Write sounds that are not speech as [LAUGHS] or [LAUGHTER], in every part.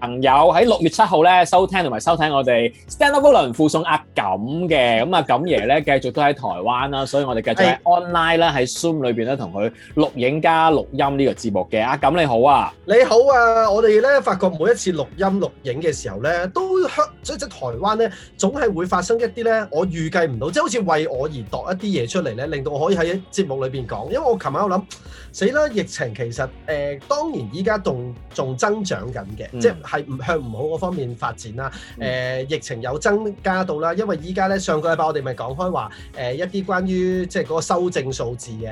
朋友喺六月七號咧收聽同埋收睇我哋 Stand Up Volume 附送阿錦嘅，咁啊錦爺咧繼續都喺台灣啦，所以我哋繼續喺 online 咧喺 Zoom 裏邊咧同佢錄影加錄音呢個節目嘅。阿錦你好啊，你好啊，我哋咧發覺每一次錄音錄影嘅時候咧，都香即即台灣咧總係會發生一啲咧我預計唔到，即係好似為我而度一啲嘢出嚟咧，令到我可以喺節目裏邊講。因為我琴晚我諗死啦，疫情其實誒當然依家仲仲增長緊嘅，即係。係唔向唔好嗰方面發展啦。誒、呃、疫情有增加到啦，因為依家咧上個禮拜我哋咪講開話誒、呃、一啲關於即係個修正數字嘅。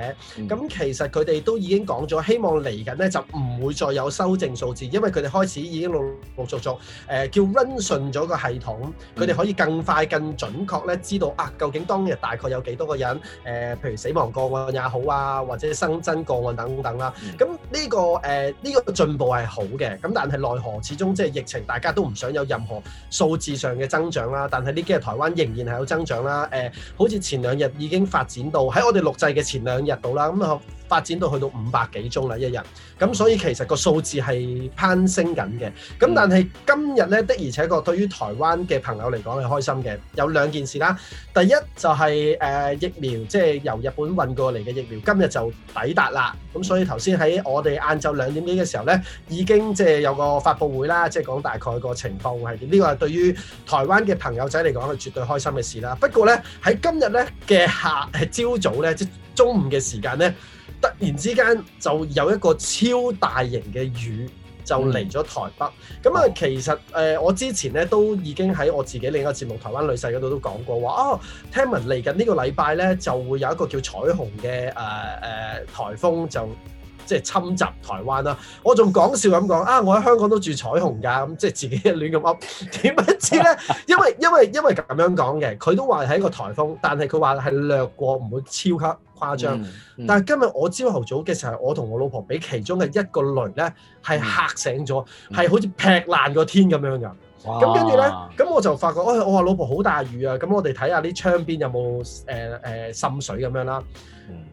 咁、嗯、其實佢哋都已經講咗，希望嚟緊咧就唔會再有修正數字，因為佢哋開始已經陸陸續續誒叫 run 順咗個系統，佢哋可以更快更準確咧知道，嗯、啊究竟當日大概有幾多個人誒、呃、譬如死亡個案也好啊，或者新增個案等等啦。咁、啊、呢、嗯這個誒呢、呃這個進步係好嘅，咁但係奈何始終。即係疫情，大家都唔想有任何數字上嘅增長啦。但係呢幾日台灣仍然係有增長啦。誒、呃，好似前兩日已經發展到喺我哋錄製嘅前兩日到啦。咁、嗯、好。發展到去到五百幾宗啦，一日咁，所以其實個數字係攀升緊嘅。咁但係今日呢的，而且確對於台灣嘅朋友嚟講係開心嘅。有兩件事啦，第一就係、是、誒、呃、疫苗，即係由日本運過嚟嘅疫苗，今日就抵達啦。咁所以頭先喺我哋晏晝兩點幾嘅時候呢，已經即係有個發佈會啦，即係講大概個情況會係點。呢個係對於台灣嘅朋友仔嚟講係絕對開心嘅事啦。不過呢，喺今日呢嘅下朝早呢，即中午嘅時間呢。突然之間就有一個超大型嘅雨就嚟咗台北，咁啊、嗯嗯、其實誒、呃、我之前咧都已經喺我自己另一個節目《台灣女婿》嗰度都講過話哦，聽聞嚟緊呢個禮拜咧就會有一個叫彩虹嘅誒誒颱風就。即係侵襲台灣啦！我仲講笑咁講啊！我喺香港都住彩虹㗎，咁即係自己一亂咁噏，點不知咧？因為 [LAUGHS] 因為因為咁樣講嘅，佢都話係一個颱風，但係佢話係略過，唔會超級誇張。嗯嗯、但係今日我朝頭早嘅時候，我同我老婆俾其中嘅一個雷咧，係嚇醒咗，係、嗯、好似劈爛個天咁樣㗎。咁跟住咧，咁我就發覺，哦、哎，我話老婆好大雨啊！咁我哋睇下啲窗邊有冇誒誒滲水咁樣啦。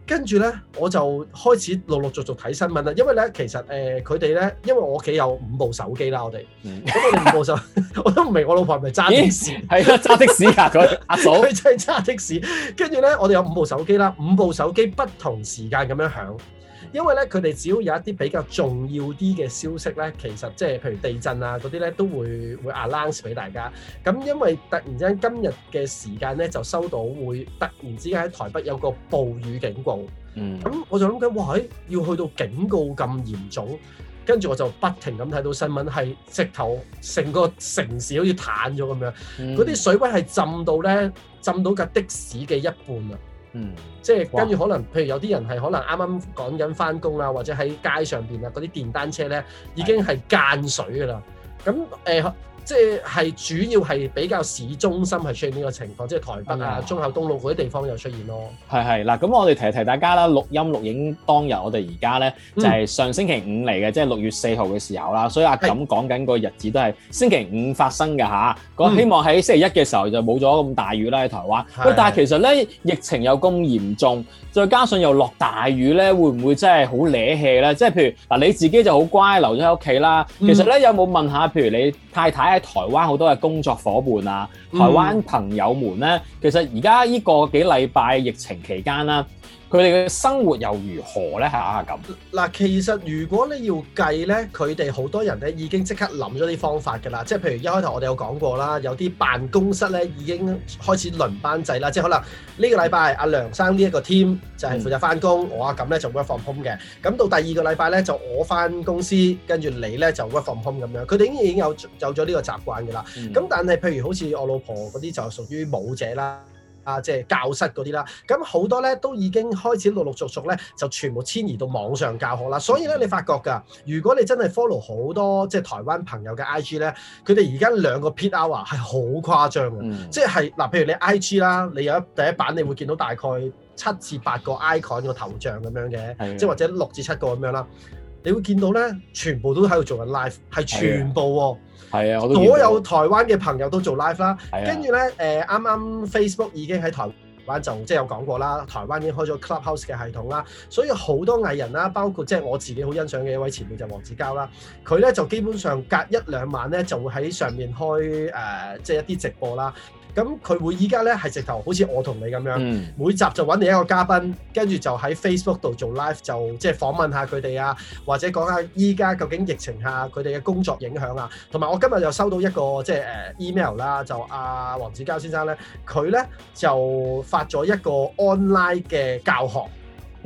跟住咧，我就開始陸陸續續睇新聞啦。因為咧，其實誒佢哋咧，因為我屋企有五部手機啦，我哋咁、嗯、我哋五部手機， [LAUGHS] 我都唔明我老婆係咪揸的士，係啦揸的士啊！佢阿嫂，佢真係揸的士。跟住咧，我哋有五部手機啦，五部手機不同時間咁樣響。因為咧，佢哋只要有一啲比較重要啲嘅消息咧，其實即係譬如地震啊嗰啲咧，都會會 announce 俾大家。咁因為突然之間今日嘅時間咧，就收到會突然之間喺台北有個暴雨警告，咁、嗯、我就諗緊，哇！要去到警告咁嚴重，跟住我就不停咁睇到新聞，係直頭成個城市好似癱咗咁樣，嗰啲，嗯、水位係浸到咧，浸到架的士嘅一半啦，即係，嗯、跟住可能，譬如有啲人係可能啱啱趕緊翻工啦，或者喺街上邊啊，嗰啲電單車咧已經係間水噶啦，咁誒的。即係主要係比較市中心係出現呢個情況，即係台北啊、嗯、忠孝東路嗰啲地方又出現咯。係係嗱，咁我哋提提大家啦。錄音錄影當日我，我哋而家咧就係、是、上星期五嚟嘅，嗯、即係六月四號嘅時候啦。所以阿錦講緊個日子都係星期五發生嘅嚇。咁、嗯、希望喺星期一嘅時候就冇咗咁大雨啦，喺台灣。嗯、但係其實咧，疫情又咁嚴重，再加上又落大雨咧，會唔會真係好惹氣咧？即係譬如嗱，你自己就好乖，留咗喺屋企啦。其實咧，有冇問下譬如你太太，太？喺台灣好多嘅工作伙伴啊，台灣朋友們呢，其實而家依個幾禮拜疫情期間啦。佢哋嘅生活又如何咧？嚇阿錦嗱，其實如果你要計咧，佢哋好多人咧已經即刻諗咗啲方法嘅啦。即係譬如一開頭我哋有講過啦，有啲辦公室咧已經開始輪班制啦。即係可能呢個禮拜阿梁，梁生呢一個 team 就係負責翻工，嗯、我阿、啊、錦咧就 work from home 嘅。咁到第二個禮拜咧就我翻公司，跟住你咧就 work from home 咁樣。佢哋已經有有咗呢個習慣嘅啦。咁、嗯、但係譬如好似我老婆嗰啲就屬於冇者啦。啊，即係教室嗰啲啦，咁好多咧都已經開始陸陸續續咧就全部遷移到網上教學啦。所以咧你發覺㗎，如果你真係 follow 好多即係台灣朋友嘅 IG 咧，佢哋而家兩個 peak hour 係好誇張嘅，嗯、即係嗱、呃，譬如你 IG 啦，你有一第一版你會見到大概七至八個 icon 個頭像咁樣嘅，嗯、即係或者六至七個咁樣啦，你會見到咧全部都喺度做緊 live，係、嗯、全部喎、哦。嗯係啊，所有台灣嘅朋友都做 live 啦，跟住咧誒，啱啱、呃、Facebook 已經喺台灣就即係有講過啦，台灣已經開咗 clubhouse 嘅系統啦，所以好多藝人啦，包括即係我自己好欣賞嘅一位前輩就黃子佼啦，佢咧就基本上隔一兩晚咧就會喺上面開誒，即、呃、係、就是、一啲直播啦。咁佢、嗯、會依家咧係直頭，好似我同你咁樣，每集就揾你一個嘉賓，跟住就喺 Facebook 度做 live，就即係、就是、訪問下佢哋啊，或者講下依家究竟疫情下佢哋嘅工作影響啊。同埋我今日又收到一個即係誒 email 啦，就阿黃、啊、子嘉先生咧，佢咧就發咗一個 online 嘅教學。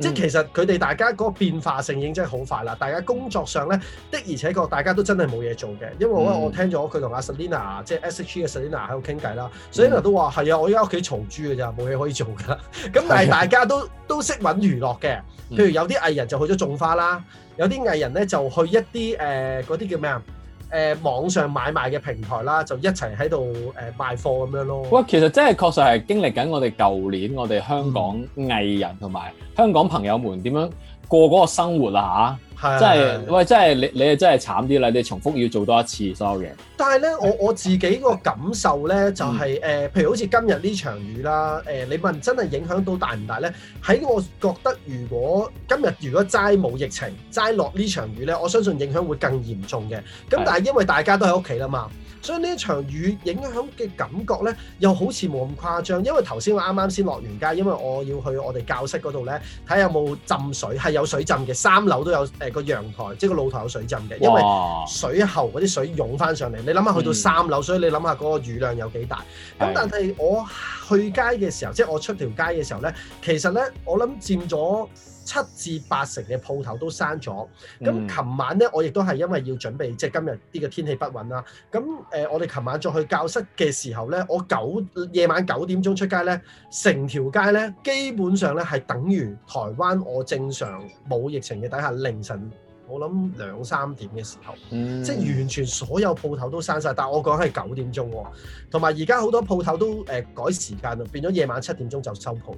嗯、即係其實佢哋大家嗰個變化性已經真係好快啦，大家工作上咧的而且確大家都真係冇嘢做嘅。因為我、嗯、我聽咗佢同阿 Selina 即係 S.H.E 嘅 Selina 喺度傾偈啦 Selina、嗯、都話係啊，我依家屋企嘈豬嘅咋，冇嘢可以做㗎。咁但係大家都都識揾娛樂嘅，譬如有啲藝人就去咗種花啦，有啲藝人咧就去一啲誒嗰啲叫咩啊？誒網上買賣嘅平台啦，就一齊喺度誒賣貨咁樣咯。哇，其實真係確實係經歷緊我哋舊年，我哋香港藝人同埋香港朋友們點樣過嗰個生活啊，吓是的，即係喂，即係你你真係慘啲啦，你重複要做多一次所有嘢，但係咧，我我自己個感受咧，就係、是、誒、呃，譬如好似今日呢場雨啦，誒、呃，你問真係影響到大唔大咧？喺我覺得，如果今日如果齋冇疫情，齋落呢場雨咧，我相信影響會更嚴重嘅。咁但係因為大家都喺屋企啦嘛。所以呢場雨影響嘅感覺咧，又好似冇咁誇張，因為頭先我啱啱先落完街，因為我要去我哋教室嗰度呢，睇下有冇浸水，係有水浸嘅，三樓都有誒個、呃、陽台，即係個露台有水浸嘅，哇 因為水喉嗰啲水湧翻上嚟。你諗下去到三樓，嗯、所以你諗下個雨量有幾大。咁但係我去街嘅時候，是的 即係我出條街嘅時候呢，其實呢，我諗佔咗，七至八成嘅鋪頭都閂咗，咁琴晚呢，我亦都係因為要準備，即係今日啲嘅天氣不穩啦。咁誒、呃，我哋琴晚再去教室嘅時候呢，我九夜晚九點鐘出街呢，成條街呢，基本上呢係等於台灣我正常冇疫情嘅底下凌晨，我諗兩三點嘅時候，嗯、即係完全所有鋪頭都閂晒。但係我講係九點鐘，同埋而家好多鋪頭都誒、呃、改時間啦，變咗夜晚七點鐘就收鋪。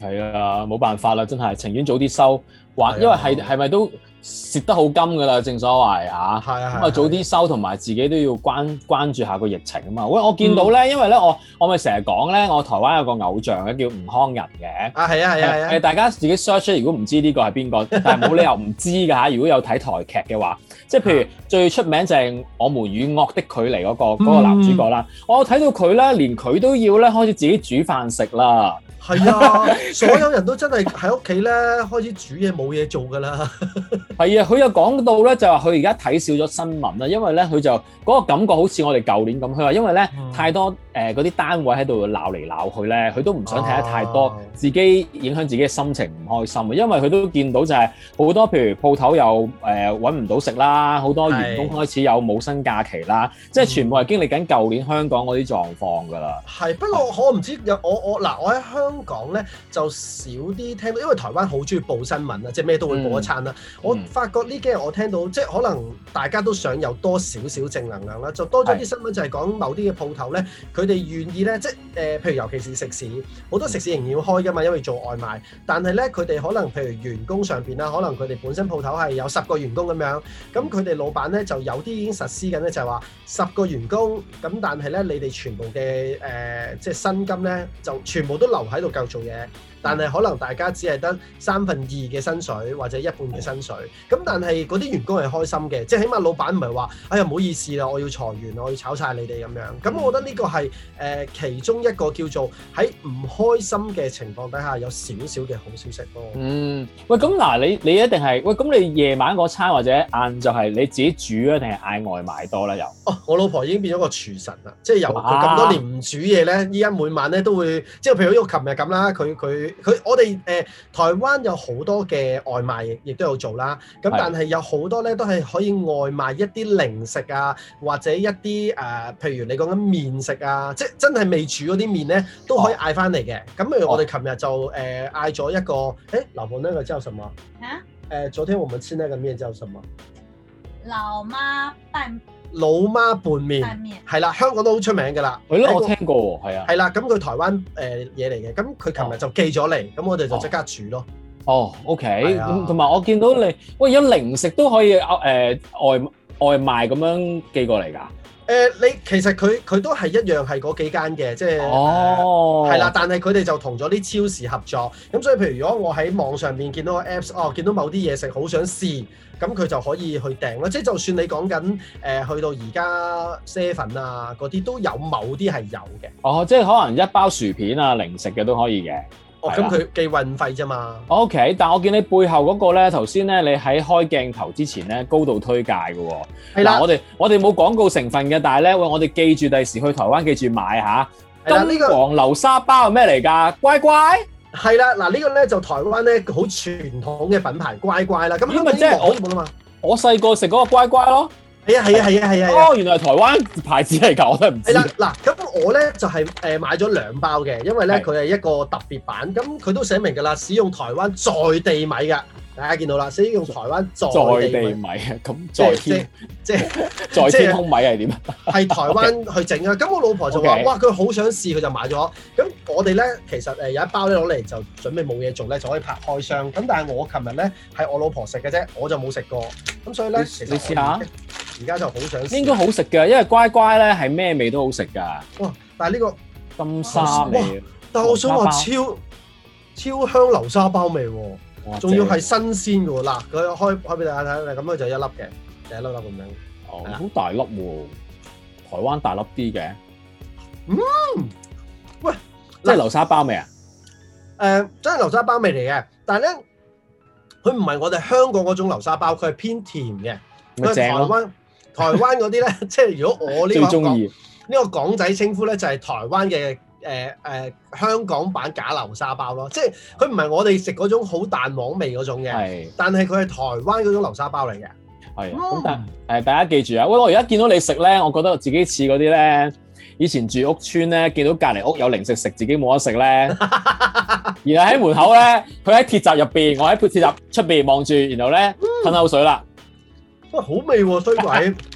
係啊，冇辦法啦，真係情願早啲收，還因為係係咪都？蝕得好甘㗎啦，正所謂嚇，咁啊，啊早啲收，同埋、啊啊、自己都要關關注下個疫情啊嘛。喂，我見到咧，嗯、因為咧我我咪成日講咧，我台灣有個偶像嘅叫吳慷仁嘅。啊，係啊，係啊，係、啊。誒、呃，大家自己 search 如果唔知呢個係邊個， [LAUGHS] 但係冇理由唔知㗎嚇、啊。如果有睇台劇嘅話，即係譬如、啊、最出名就係、是《我們與惡的距離》嗰、嗰個嗰個男主角啦。嗯、我睇到佢咧，連佢都要咧開始自己煮飯食啦。係啊， [LAUGHS] [LAUGHS] 所有人都真係喺屋企咧開始煮嘢冇嘢做㗎啦。 [LAUGHS] 係啊，佢又講到咧，就話佢而家睇少咗新聞啦，因為咧佢就嗰個感覺好似我哋舊年咁，佢話因為咧、嗯、太多誒嗰啲單位喺度鬧嚟鬧去咧，佢都唔想睇得太多，啊、自己影響自己嘅心情唔開心啊，因為佢都見到就係好多譬如鋪頭又誒搵唔到食啦，好多員工開始有冇薪假期啦，的即係全部係經歷緊舊年香港嗰啲狀況㗎啦。係、嗯、不過我唔知，我我嗱我喺香港咧就少啲聽，因為台灣好中意報新聞啊，即係咩都會報一餐啦，我。發覺呢幾日我聽到，即係可能大家都想有多少少正能量啦，就多咗啲新聞就係、是、講某啲嘅鋪頭咧，佢哋願意咧，即係誒、呃，譬如尤其是食肆，好多食肆仍然要開噶嘛，因為做外賣，但係咧佢哋可能譬如員工上邊啦，可能佢哋本身鋪頭係有十個員工咁樣，咁佢哋老闆咧就有啲已經實施緊咧，就係、是、話十個員工咁，但係咧你哋全部嘅誒、呃、即係薪金咧就全部都留喺度繼續做嘢。但係可能大家只係得三分二嘅薪水或者一半嘅薪水，咁但係嗰啲員工係開心嘅，即係起碼老闆唔係話，哎呀唔好意思啊，我要裁員，我要炒晒你哋咁樣。咁、嗯、我覺得呢個係誒、呃、其中一個叫做喺唔開心嘅情況底下有少少嘅好消息咯。嗯，喂，咁嗱，你你一定係，喂，咁你夜晚嗰餐或者晏就係你自己煮啊，定係嗌外賣多啦？又、哦，我老婆已經變咗個廚神啦，即係由佢咁多年唔煮嘢咧，依家每晚咧都會，即係譬如好似我琴日咁啦，佢佢。佢我哋誒、呃、台灣有好多嘅外賣亦都有做啦，咁但係有好多咧都係可以外賣一啲零食啊，或者一啲誒、呃，譬如你講緊麵食啊，即係真係未煮嗰啲麵咧都可以嗌翻嚟嘅。咁譬如我哋琴日就誒嗌咗一個，誒、欸、老婆，那個叫什麼？啊？誒、呃、昨天我們吃那個麵叫什麼？老媽拌。老媽拌麵係啦，的香港都好出名嘅啦。哎、我聽過喎，係啊。係啦，咁佢台灣誒嘢嚟嘅，咁佢琴日就寄咗嚟，咁、哦、我哋就即刻煮咯。哦，OK，同埋的、嗯、我見到你，喂，有零食都可以誒、呃、外外賣咁樣寄過嚟㗎。誒、呃，你其實佢佢都係一樣係嗰幾間嘅，即、就、係、是、哦，係啦，但係佢哋就同咗啲超市合作，咁所以譬如如果我喺網上面見到個 Apps，哦，見到某啲嘢食好想試。咁佢就可以去訂啦，即係就算你講緊誒去到而家 seven 啊嗰啲都有某啲係有嘅。哦，即係可能一包薯片啊零食嘅都可以嘅。哦，咁佢寄運費啫嘛。OK，但係我見你背後嗰個咧，頭先咧你喺開鏡頭之前咧高度推介嘅喎。嗱係啦、啊，我哋我哋冇廣告成分嘅，但係咧喂，我哋記住第時去台灣記住買吓、咁呢個、黃流沙包係咩嚟㗎？乖乖！係啦，嗱呢、這個咧就台灣咧好傳統嘅品牌乖乖啦，咁咦香港啲冇啊嘛？我細個食嗰個乖乖咯。係啊係啊係啊係啊，哦原來係台灣牌子嚟噶，我都唔知。係啦，嗱咁我咧就係、是、誒買咗兩包嘅，因為咧佢係一個特別版，咁佢的都寫明㗎啦，使用台灣在地米嘅。大家見到啦，所以用台灣在地，在地米，咁在天即係 [LAUGHS] 在天空米係點啊？係台灣去整啊！咁 Okay. 我老婆就話，Okay. 哇，佢好想試，佢就買咗。咁我哋咧，其實誒有一包咧攞嚟就準備冇嘢做咧，就可以拍開箱。咁但係我琴日咧係我老婆食嘅啫，我就冇食過。咁所以咧，你試，你試下，而家就好想應該好食㗎，因為乖乖咧係咩味都好食㗎。哇！但係、這、呢個金沙味，但係我想話超超香流沙包味喎。仲哇要係新鮮嘅喎，嗱，佢開開俾大家睇，咁樣就一粒嘅，一粒一粒咁樣。哦，好大粒喎，台灣大粒啲嘅。嗯，喂，即係流沙包味啊？誒、呃，真係流沙包味嚟嘅，但係咧，佢唔係我哋香港嗰種流沙包，佢係偏甜嘅。那不 台灣、啊、台灣嗰啲咧，即係 [LAUGHS] 如果我呢、這個最鍾意、呢個港仔稱呼咧，就係台灣嘅。誒誒、呃，香港版假流沙包咯，即係佢唔係我哋食嗰種好蛋黃味嗰種嘅，是但係佢係台灣嗰種流沙包嚟嘅。係咁、嗯嗯、但係、呃、大家記住啊，喂，我而家見到你食咧，我覺得自己似嗰啲咧，以前住屋村咧，見到隔離屋有零食食，自己冇得食咧， [LAUGHS] 然後喺門口咧，佢喺鐵閘入邊，我喺鐵閘出邊望住，然後咧噴口水啦。喂、嗯，好味喎、啊，衰鬼！ [LAUGHS]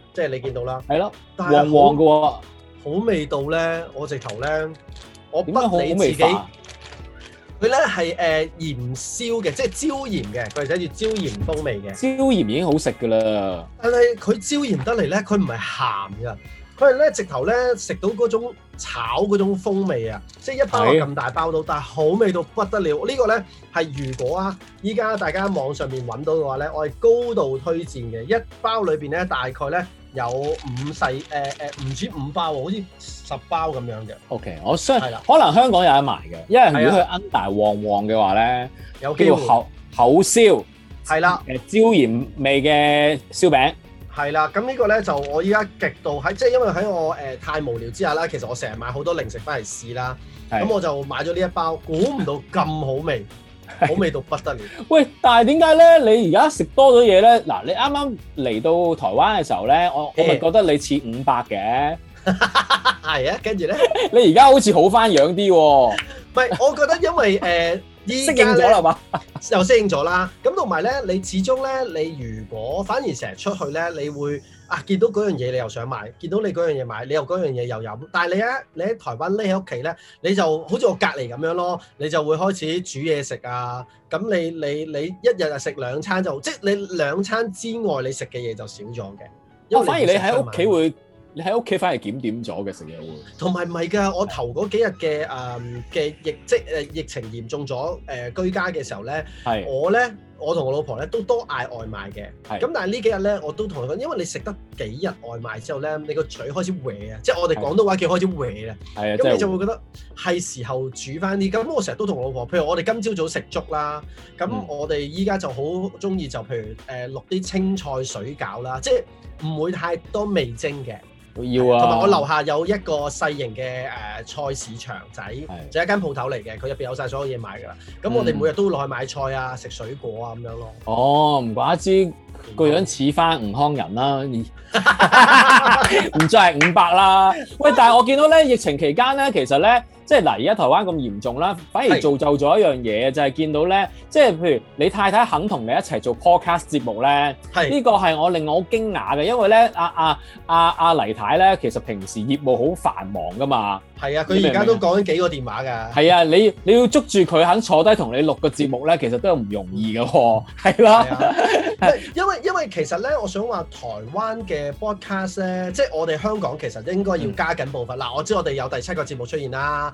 即係你見到啦，係咯了，但係黃黃嘅喎，好味道咧！我直頭咧，我不理自己，佢咧係誒鹽燒嘅，即係椒鹽嘅，佢寫住椒鹽風味嘅。椒鹽已經好食嘅啦，但係佢椒鹽得嚟咧，佢唔係鹹嘅，佢係咧直頭咧食到嗰種炒嗰種風味啊！即係一包咁大包的到，但係好味道不得了。這個、呢個咧係如果啊，依家大家喺網上面揾到嘅話咧，我係高度推薦嘅。一包裏邊咧，大概咧。有五細誒誒唔似五包喎，好似十包咁樣嘅。O、okay, K，我相想的可能香港有得賣嘅，因為如果佢 under 旺旺嘅話咧，有機會。口口燒係啦，誒的、呃、椒鹽味嘅燒餅係啦。咁呢個咧就我依家極度喺，即係因為喺我誒、呃、太無聊之下啦，其實我成日買好多零食翻嚟試啦。咁的我就買咗呢一包，估唔到咁好味！好味道不得了！喂，但係點解咧？你而家食多咗嘢咧？嗱，你啱啱嚟到台灣嘅時候咧，我我咪覺得你似五百嘅，係、 [LAUGHS] 嗯、 [LAUGHS] 啊，跟住咧，你而家好似好翻樣啲喎。唔係，我覺得因為誒，呃、 [LAUGHS] 適應咗啦嘛， [LAUGHS] 又適應咗啦。咁同埋咧，你始終咧，你如果反而成日出去咧，你會。啊！見到嗰樣嘢你又想買，見到你嗰樣嘢買，你又嗰樣嘢又飲。但係你喺你喺台灣匿喺屋企咧，你就好似我隔籬咁樣咯。你就會開始煮嘢食啊。咁你你你一日啊食兩餐就，即係你兩餐之外你食嘅嘢就少咗嘅。哇、啊！反而你喺屋企會，你喺屋企反而檢點咗嘅食嘢會。同埋唔係㗎，我頭嗰幾日嘅誒嘅疫即係疫情嚴重咗誒、呃、居家嘅時候咧，是我咧。我同我老婆咧都多嗌外賣嘅，咁係啊但係呢幾日咧我都同佢講。因為你食得幾日外賣之後咧，你個嘴開始歪啊，即係我哋廣東話叫係啊，開始歪啊，咁係啊，你就會覺得係係啊，時候煮翻啲。咁我成日都同我老婆，譬如我哋今朝早食粥啦，咁我哋依家就好中意就譬如誒淥啲青菜水餃啦，即係唔會太多味精嘅。我要啊！同埋我樓下有一個細型嘅誒、呃、菜市場仔，就是一間鋪頭嚟嘅，佢入邊有晒所有嘢買㗎啦。咁我哋每日都會落去買菜啊，食水果啊咁樣咯。哦、嗯，唔怪之、嗯、個樣似返吳康人啦、啊，唔 [LAUGHS] [LAUGHS] 再係五百啦。 [LAUGHS] 喂，但係我見到咧，疫情期間咧，其實咧。即係嗱，而家台灣咁嚴重啦，反而造就咗一樣嘢，是就係見到咧，即係譬如你太太肯同你一齊做 podcast 節目咧，呢是個係我令我好驚訝嘅，因為咧，阿阿阿阿黎太咧，其實平時業務好繁忙噶嘛，係啊，佢而家都講咗幾個電話㗎，係啊，你你要捉住佢肯坐低同你錄個節目咧，其實都係唔容易嘅喎、哦，係啊， [LAUGHS] 因為因為其實咧，我想話台灣嘅 podcast 咧，即係我哋香港其實應該要加緊步伐。嗱、嗯，我知我哋有第七個節目出現啦。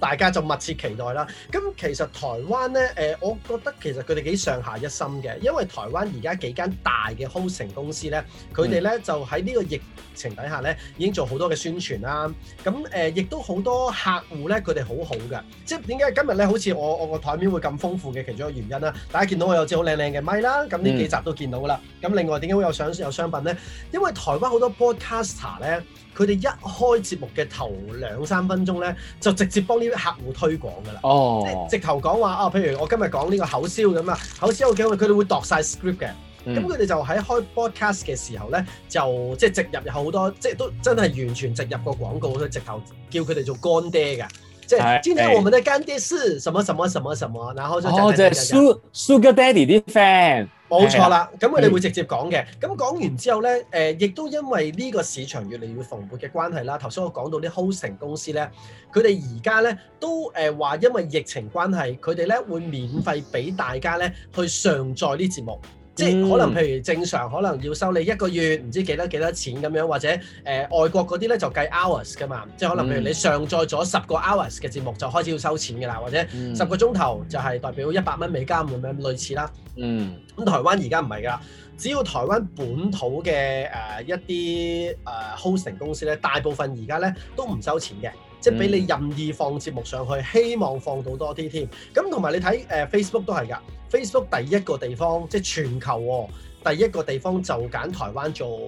大家就密切期待啦。咁其實台灣咧，誒、呃、我覺得其實佢哋幾上下一心嘅，因為台灣而家幾間大嘅 hosting 公司咧，佢哋咧就喺呢個疫情底下咧，已經做好多嘅宣傳啦、啊。咁誒亦都好多客戶咧，佢哋好好嘅。即係點解今日咧，好似我我個台面會咁豐富嘅其中一個原因啦。大家見到我有隻好靚靚嘅咪啦，咁呢幾集都見到噶啦。咁、嗯、另外點解會有商有商品咧？因為台灣好多 podcaster 咧，佢哋一開節目嘅頭兩三分鐘咧，就直接幫呢，啲客戶推廣噶啦，即係直頭講話啊！譬如我今日講呢個口銷咁啊，口銷好幾，佢哋會度晒 script 嘅，咁佢哋就喺開 podcast 嘅時候咧，就即係植入有好多，即係都真係完全植入個廣告，都直頭叫佢哋做乾爹嘅，即係今天我們的乾爹是什麽什麽什麽什麽，然後、oh, 就哦 ial，即係 Sugar Daddy 啲。friend。冇錯啦，咁佢哋會直接講嘅。咁講、嗯、完之後呢，誒、呃、亦都因為呢個市場越嚟越蓬勃嘅關係啦，頭先我講到啲 hosting 公司呢，佢哋而家呢都誒話因為疫情關係，佢哋呢會免費俾大家呢去上載啲節目。即係可能譬如正常可能要收你一個月唔知幾多幾多錢咁樣，或者誒、呃、外國嗰啲咧就計 hours 㗎嘛，即係可能譬如你上載咗十個 hours 嘅節目就開始要收錢㗎啦，或者十個鐘頭就係代表一百蚊美金咁樣類似啦。嗯，咁台灣而家唔係㗎啦，只要台灣本土嘅誒、呃、一啲誒、呃、hosting 公司咧，大部分而家咧都唔收錢嘅。即係俾你任意放節目上去，希望放到多啲添。咁同埋你睇誒、呃、Facebook 都係㗎，Facebook 第一個地方即係全球喎、哦，第一個地方就揀台灣做誒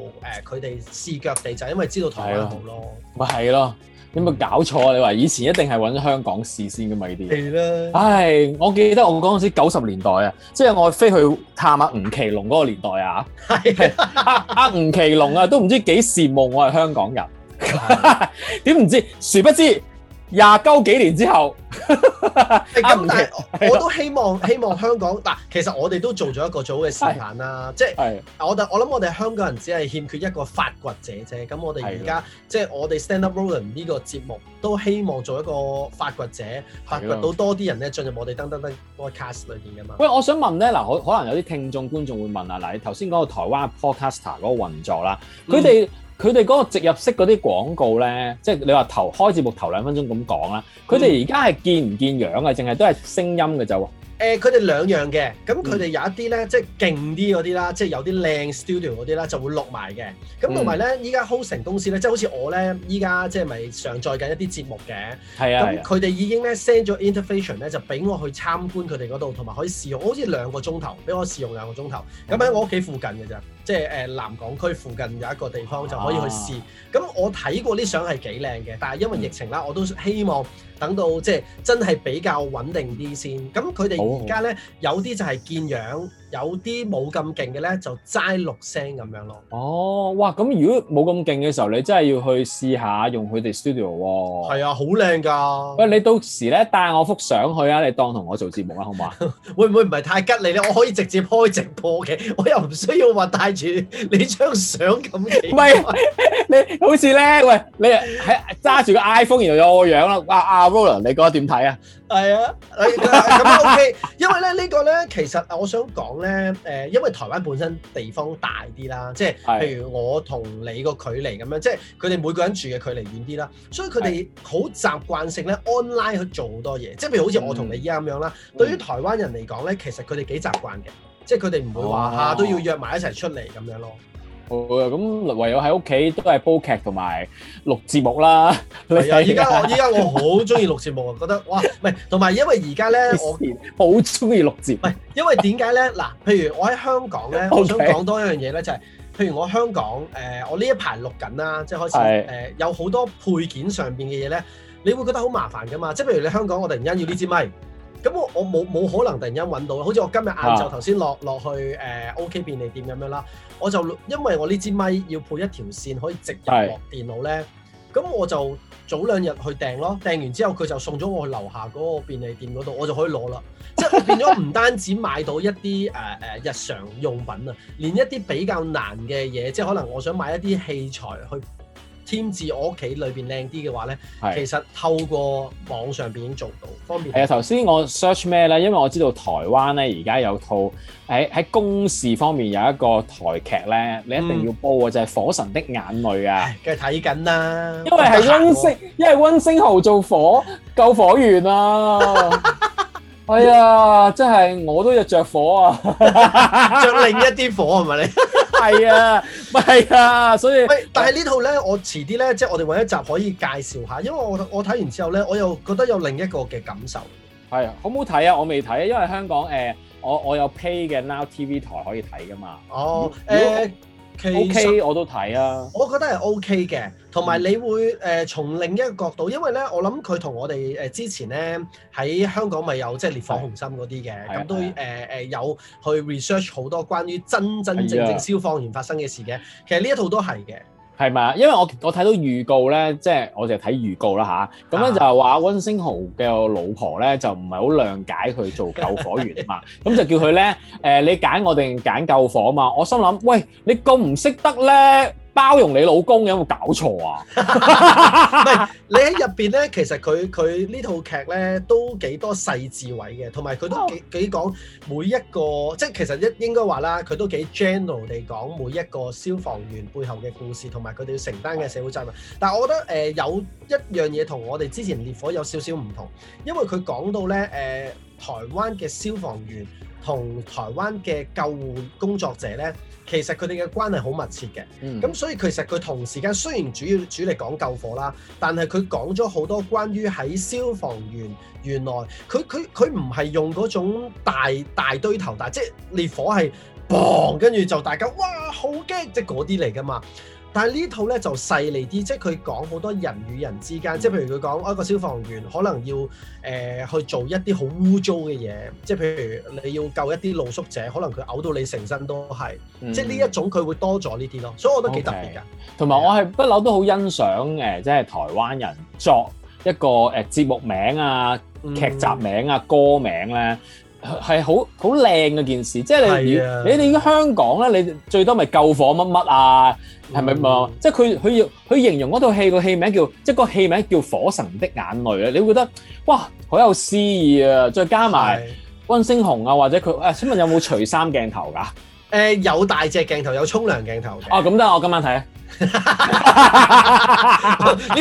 佢哋試腳地，就係、是、因為知道台灣好咯。咪係、啊就是、咯，有冇搞錯啊？你話以前一定係揾香港試先嘅咪啲係啦。的唉，我記得我嗰陣時九十年代啊，即係我飛去探下吳奇隆嗰個年代啊。係是 [LAUGHS] 啊，阿吳奇隆啊，都唔知幾羨慕我係香港人。點唔 [LAUGHS] 知？殊不知廿九幾年之後，咁但係，我都希望希望香港嗱，其實我哋都做咗一個好嘅試驗啦，即係的、就是、我我諗我哋香港人只係欠缺一個發掘者啫。咁我哋而家即係我哋 Stand Up Rolling 呢個節目都希望做一個發掘者，發掘到多啲人咧進入我哋登登登 podcast 裏邊嘅嘛。喂，我想問咧嗱，可可能有啲聽眾觀眾會問啊嗱，你頭先講嘅台灣 podcaster 嗰個運作啦，佢哋、嗯。佢哋嗰個植入式嗰啲廣告咧，即係你話頭開節目頭兩分鐘咁講啦。佢哋而家係見唔見樣啊？淨係都係聲音嘅就誒，佢哋兩樣嘅。咁佢哋有一啲咧、嗯，即係勁啲嗰啲啦，即係有啲靚 studio 嗰啲啦，就會錄埋嘅。咁同埋咧，依家 h o l d 成公司咧，嗯、即係好似我咧依家即係咪尚在緊一啲節目嘅。係啊，佢哋已經咧 send 咗 intervention 咧，啊、inter vention，就俾我去參觀佢哋嗰度，同埋可以試用，好似兩個鐘頭，俾我試用兩個鐘頭。咁喺、嗯、我屋企附近嘅咋。即係誒南港區附近有一個地方就可以去試，咁、啊、我睇過啲相係幾靚嘅，但係因為疫情啦，我都希望等到即係、就是、真係比較穩定啲先。咁佢哋而家咧有啲就係見樣。有啲冇咁勁嘅咧，就齋錄聲咁樣咯。哦，哇！咁如果冇咁勁嘅時候，你真係要去試下用佢哋 Studio 喎。係啊，好靚㗎。喂，你到時咧帶我幅相去啊，你當同我做節目啦，好唔好？ [LAUGHS] 會唔會唔係太吉利咧？我可以直接開直播嘅，我又唔需要話帶住你張相咁奇怪。唔係，你好似咧，喂，你係揸住個 iPhone，然後有我樣啦。阿阿 Roland，你覺得點睇啊？係啊，咁 OK。 [LAUGHS] 因為咧呢、呢個咧，其實我想講。咧誒，因為台灣本身地方大啲啦，即係譬如我同你個距離咁樣，即係佢哋每個人住嘅距離遠啲啦，所以佢哋好習慣性咧 online 去做好多嘢，即係譬如好似我同你而家咁樣啦。嗯、對於台灣人嚟講咧，其實佢哋幾習慣嘅，即係佢哋唔會話下、哦啊、都要約埋一齊出嚟咁樣咯。咁、嗯、唯有喺屋企都係煲劇同埋錄節目啦。而家的 [LAUGHS] 我而家我好中意錄節目，覺得哇，唔係同埋因為而家咧， [LAUGHS] 我好中意錄節目。唔係因為點解咧？嗱，譬如我喺香港咧，Okay. 我想講多一樣嘢咧，就係譬如我香港誒、呃，我呢一排錄緊啦，即係開始誒、呃，有好多配件上邊嘅嘢咧，你會覺得好麻煩噶嘛？即係譬如你香港，我突然間要呢支咪。咁我我冇冇可能突然間揾到。好似我今日晏晝頭先落落去誒、呃、OK 便利店咁樣啦，我就因為我呢支咪要配一條線可以直接落電腦咧，咁是我就早兩日去訂咯，訂完之後佢就送咗我去樓下嗰個便利店嗰度，我就可以攞啦。 [LAUGHS] 即係變咗唔單止買到一啲誒誒日常用品啊，連一啲比較難嘅嘢，即係可能我想買一啲器材去，添置我屋企裏邊靚啲嘅話咧，的其實透過網上邊已經做到方便到。係啊，頭先我 search 咩咧？因為我知道台灣咧而家有套喺喺公視方面有一個台劇咧，你一定要煲啊，嗯、就係《火神的眼淚》啊。梗係睇緊啦，因為係溫昇，因為溫昇豪做火救火員啊。 [LAUGHS] 哎呀，真係我都要着火啊，着 [LAUGHS] 另一啲火係咪你？ [LAUGHS] 係 [LAUGHS] 啊，咪係啊，所以，但係呢套咧，我遲啲咧，即係我哋搵一集可以介紹下，因為我我睇完之後咧，我又覺得有另一個嘅感受。係啊，好唔好睇啊？我未睇啊，因為香港誒、呃，我我有 pay 嘅 Now TV 台可以睇噶嘛。哦，如果，欸 O Okay , K，我都睇啊！我覺得係 O K 嘅，同埋你會誒、呃、從另一個角度，因為咧，我諗佢同我哋誒之前咧喺香港咪有即係烈火雄心嗰啲嘅，咁的都誒誒有去 research 好多關於真真正正，正消防員發生嘅事嘅，的其實呢一套都係嘅。係咪啊？因為我我睇到預告咧，即係我預、啊、就睇預告啦吓，咁咧就係話温星豪嘅老婆咧就唔係好諒解佢做救火員啊嘛。咁 [LAUGHS] 就叫佢咧誒，你揀我定揀救火啊嘛。我心諗，喂，你咁唔識得咧？包容你老公嘅有冇搞錯啊？ [LAUGHS] 唔係，你喺入邊呢，其實佢佢呢套劇呢都幾多細節位嘅，同埋佢都幾、oh. 幾講每一個，即係其實一應該話啦，佢都幾 general 地講每一個消防員背後嘅故事，同埋佢哋要承擔嘅社會責任。Oh. 但係我覺得誒、呃、有一樣嘢同我哋之前烈火有少少唔同，因為佢講到呢，誒、呃、台灣嘅消防員同台灣嘅救護工作者呢。其實佢哋嘅關係好密切嘅，咁、嗯、所以其實佢同時間雖然主要主力講救火啦，但係佢講咗好多關於喺消防員，原來佢佢佢唔係用嗰種大大堆頭大，但係即係烈火係嘣，跟住就大家哇好驚，即係嗰啲嚟㗎嘛。但係呢套咧就細膩啲，即係佢講好多人與人之間，即係譬如佢講一個消防員可能要誒、呃、去做一啲好污糟嘅嘢，即係譬如你要救一啲露宿者，可能佢嘔到你成身都係，嗯、即係呢一種佢會多咗呢啲咯，所以我覺得幾特別㗎。同埋、Okay. 我係不嬲都好欣賞誒，即係台灣人作一個誒節目名啊、劇集名啊、嗯、歌名咧。係好好靚嗰件事，即係例如你哋是、啊、香港咧，你最多咪救火乜乜啊，係咪嘛？嗯、即係佢佢佢形容嗰套戲個戲名叫，即係個戲名叫《火神的眼淚》咧。你會覺得哇，好有詩意啊！再加埋温星雄啊，或者佢誒？請問有冇除衫鏡頭㗎？誒、呃、有大隻鏡頭，有沖涼鏡頭。哦、啊，咁得我今晚睇啊！呢 [LAUGHS]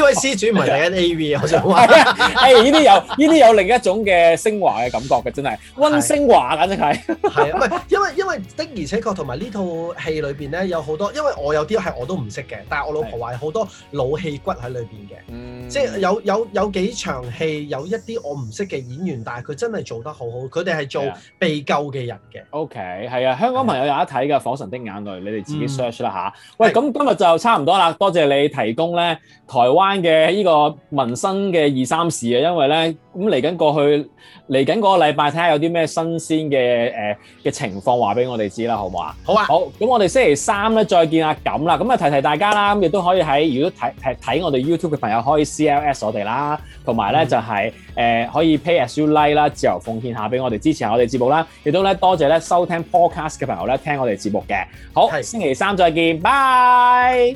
位施主唔係嚟一 A V，我想話，誒呢啲有呢啲有另一種嘅升華嘅感覺嘅，真係温升華，簡直係係啊，唔係 [LAUGHS] 因為因為的而且確同埋呢套戲裏邊咧有好多，因為我有啲係我都唔識嘅，但係我老婆話好多老戲骨喺裏邊嘅，的即係有有有幾場戲，有一啲我唔識嘅演員，但係佢真係做得好好，佢哋係做被救嘅人嘅。O K，係啊，香港朋友有一睇嘅《火神的眼淚》，你哋自己 search 啦吓。嗯、喂，咁今日就。差唔多啦，多謝你提供台灣嘅依個民生嘅二三事，因為咁嚟緊過去嚟緊嗰個禮拜，睇下有啲咩新鮮嘅誒嘅情況，話俾我哋知啦，好唔好，好啊？好啊！好，咁我哋星期三咧再見啊咁啦，咁啊提提大家啦，咁亦都可以喺如果睇睇睇我哋 YouTube 嘅朋友，可以 CLS 我哋啦，同埋咧就係、是、誒、呃、可以 pay as you like 啦，自由奉獻下俾我哋支持下我哋節目啦，亦都咧多謝咧收聽 Podcast 嘅朋友咧聽我哋節目嘅。好，是星期三再見，拜。